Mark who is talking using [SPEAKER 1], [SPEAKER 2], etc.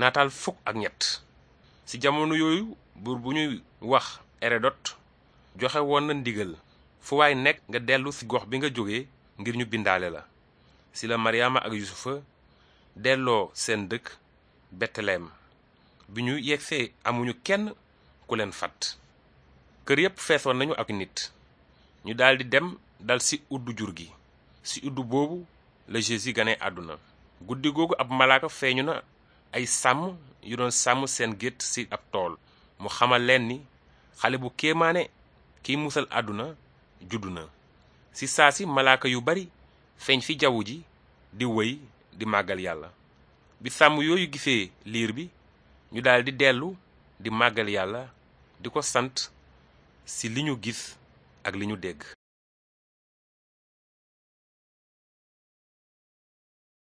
[SPEAKER 1] naataal fukk ak ñett ci jamono yooyu buur bu ñuy wax erodot joxe woon na ndigal fu waay nekk nga dellu ci gox bi nga jóge ngir ñu bindaale la ci la maryaama ak yusufa delloo seen dëkk beteleem bi ñu yegsee amuñu kenn ku leen fat kër yépp feesoon nañu ak nit ñu daldi dem dal ci uddu jur gi ci udd boobu la Jésus gane àdduna guddi googu ab malaaka feeñu na ay sàmm yu doon sàmm seen gétt ci ab tool mu xamal leen ni xale bu kéemaane kiy musal àdduna juddu na si saa si malaaka yu bari feeñ fi jaww ji di woy di màggal yàlla bi sàmm yooyu gisee liir bi ñu daldi dellu di màggal yàlla di ko sant ci li ñu gis ak li ñu dégg